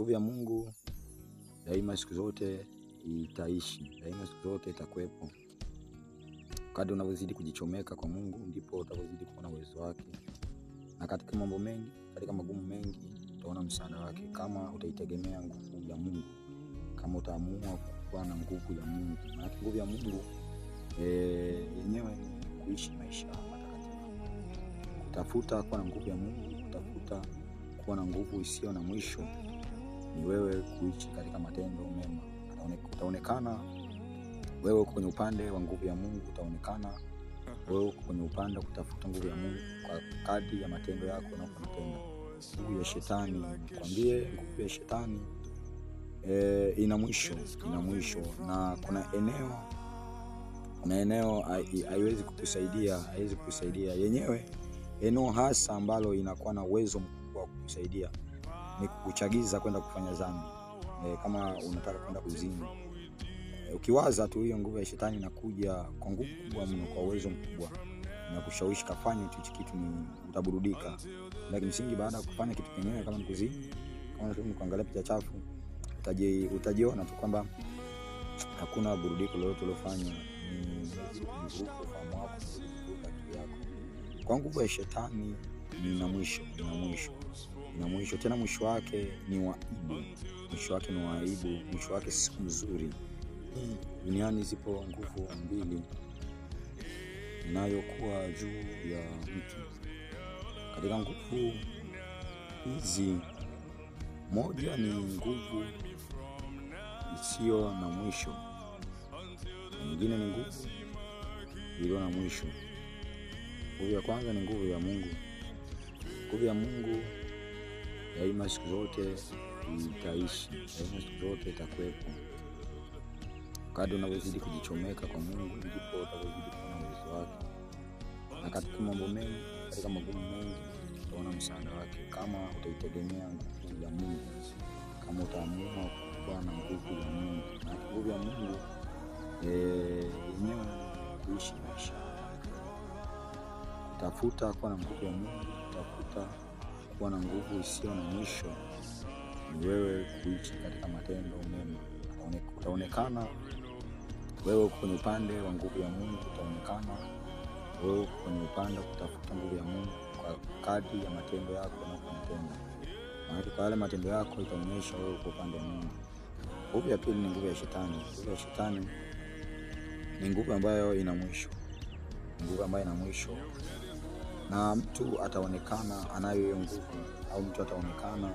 Nguvu ya Mungu daima siku zote itaishi, daima siku zote itakuwepo. Kadri unavyozidi kujichomeka kwa Mungu, ndipo utakavyozidi kuona uwezo wake, na katika mambo mengi, katika magumu mengi, utaona msaada wake, kama utaitegemea nguvu ya Mungu, kama utaamua kuwa na nguvu ya Mungu. Maana nguvu ya Mungu eh, yenyewe ni kuishi maisha matakatifu, kutafuta kuwa na nguvu ya Mungu, kutafuta kuwa na nguvu isiyo na mwisho ni wewe kuishi katika matendo mema. Utaonekana wewe uko kwenye upande wa nguvu ya Mungu, utaonekana wewe uko kwenye upande wa kutafuta nguvu ya Mungu kwa kadi ya matendo yako unavyotenda. Nguvu ya shetani, nikwambie, nguvu ya shetani e, ina mwisho, ina mwisho, na kuna eneo kuna eneo haiwezi kukusaidia, haiwezi kukusaidia yenyewe, eneo hasa ambalo inakuwa na uwezo mkubwa wa kukusaidia ni kukuchagiza kwenda kufanya dhambi e, kama unataka kwenda kuzini e, ukiwaza tu hiyo nguvu ya shetani inakuja kwa nguvu kubwa mno, kwa uwezo mkubwa na kushawishi kafanya hichi kitu, ni utaburudika. Lakini msingi baada ya kufanya kitu kingine kama kuzini, kama kuangalia picha chafu, utajiona tu kwamba hakuna burudiko lolote uliofanya, kwa nguvu ya shetani, ni na mwisho, na mwisho na mwisho tena, mwisho wake ni waibu, mwisho wake ni waaibu mwisho wake si mzuri. Duniani zipo nguvu mbili, inayokuwa juu ya mtu. Katika nguvu hizi, moja ni nguvu isiyo na mwisho, nyingine ni nguvu iliyo na mwisho. Nguvu ya kwanza ni nguvu ya Mungu, nguvu ya Mungu daima, siku zote itaishi daima, siku zote itakuwepo. Kadri unavyozidi kujichomeka kwa Mungu, ndipo utavyozidi kuona uwezo wake, na katika mambo mengi, katika magumu mengi, utaona msaada wake, kama utaitegemea nguvu ya Mungu, kama utaamua kuwa na nguvu ya Mungu na nguvu ya Mungu yenyewe eh, kuishi maisha, utafuta kuwa na nguvu ya Mungu, utafuta kuwa na nguvu isiyo na mwisho ni wewe kuishi katika matendo mema. Utaonekana wewe uko kwenye upande wa nguvu ya Mungu, utaonekana wewe kwenye upande wa kutafuta nguvu ya Mungu kwa kadri ya matendo yako unapotenda, maana kwa yale matendo yako itaonyesha wewe uko upande wa Mungu. Nguvu ya pili ni nguvu ya shetani. Nguvu ya shetani ni nguvu ambayo ina mwisho, nguvu ambayo ina mwisho na mtu ataonekana anayo hiyo nguvu, au mtu ataonekana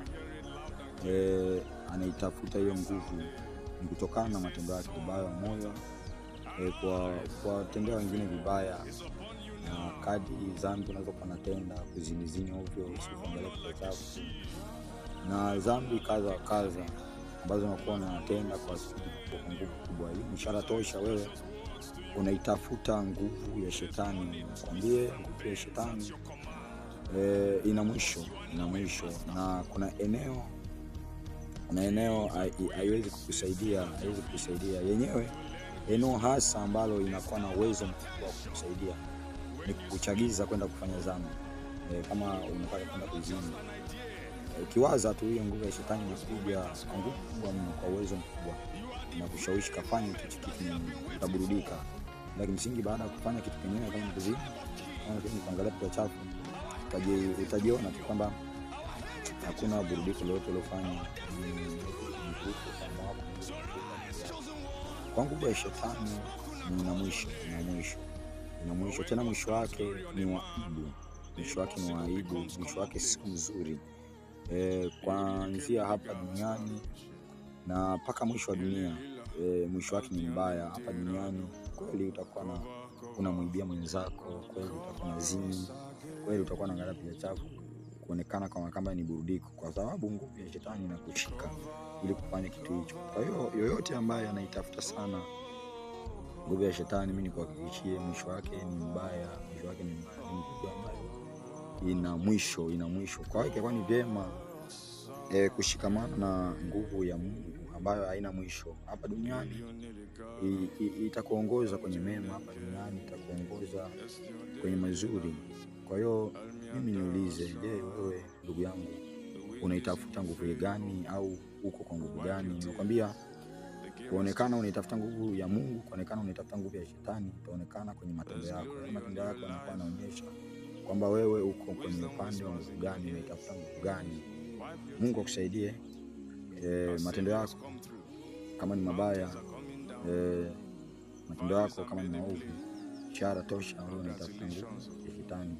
e, anaitafuta hiyo nguvu ni kutokana na matendo yake vibaya moyo e, kwa kuwatendea wengine vibaya, na zambi dhambi unazokuwa natenda kuzinizini ovyo, usikuangalia kichwa chako, na zambi kadha wa kadha ambazo unakuwa unatenda kwa nguvu kubwa. Hii mshara tosha wewe unaitafuta nguvu ya shetani, nakwambie nguvu ya shetani e, ina mwisho, ina mwisho, na kuna eneo na eneo haiwezi kukusaidia, haiwezi kukusaidia yenyewe. Eneo hasa ambalo inakuwa na uwezo mkubwa wa kukusaidia ni kukuchagiza kwenda kufanya zama e, eh, kama unataka kwenda kuzini eh, ukiwaza tu hiyo nguvu ya shetani nakuja kwa nguvu kubwa mno, kwa uwezo mkubwa na kushawishi kafanya kitu, utaburudika na kimsingi, baada ya kufanya kitu kingine kama kuzi kuangalia kwa chafu, utajiona tu kwamba hakuna burudiko lolote lolofanya Kwa nguvu ya shetani na mwisho, na mwisho, na mwisho tena, mwisho wake ni wa aibu, mwisho wake ni wa aibu, mwisho wake si mzuri e, eh, kuanzia hapa duniani na mpaka mwisho wa dunia e, mwisho wake ni mbaya hapa duniani. Kweli utakuwa na unamwibia mwenzako, kweli utakuwa na zini, kweli utakuwa na ngara pia chafu kuonekana kama kama ni burudiko, kwa sababu nguvu ya shetani inakushika ili kufanya kitu hicho. Kwa hiyo yoyote ambaye anaitafuta sana nguvu ya shetani, mimi nikuhakikishie, mwisho wake ni mbaya, mwisho wake ni mbaya, nguvu ambayo ina mwisho, ina mwisho. Kwa hiyo kwa ni vyema e, kushikamana na nguvu ya Mungu ambayo haina mwisho hapa duniani, itakuongoza kwenye mema hapa duniani, itakuongoza kwenye mazuri. Kwa hiyo mimi niulize, je, wewe ndugu yangu unaitafuta nguvu gani? Au uko kwa nguvu gani? Nimekwambia kuonekana unaitafuta nguvu ya Mungu, kuonekana unaitafuta nguvu ya Shetani, itaonekana kwenye matendo yako. Yaani matendo yako yanakuwa yanaonyesha kwamba wewe uko kwenye upande wa nguvu gani, unaitafuta nguvu gani. Mungu akusaidie. Eh, matendo yako kama ni mabaya eh, matendo yako kama ni maovu, ishara tosha ambayo inatafuta nguvu ya shetani.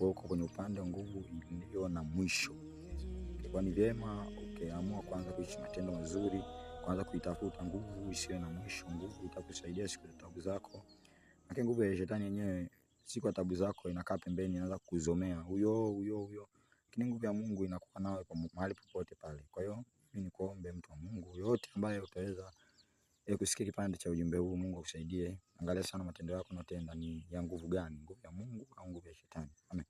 Wewe uko kwenye upande wa nguvu iliyo na mwisho. Kwa ni vyema ukiamua okay, kwanza kuishi matendo mazuri, kwanza kuitafuta nguvu isiyo na mwisho. Nguvu itakusaidia siku za tabu zako, lakini nguvu ya shetani yenyewe siku ya tabu zako inakaa pembeni, inaanza kukuzomea huyo huyo huyo, lakini nguvu ya Mungu inakuwa nawe mahali popote pale. Kwa hiyo yoyote ambayo utaweza e, kusikia kipande cha ujumbe huu. Mungu akusaidie. Angalia sana matendo yako unatenda ni ya nguvu gani, nguvu ya Mungu au nguvu ya shetani? Amen.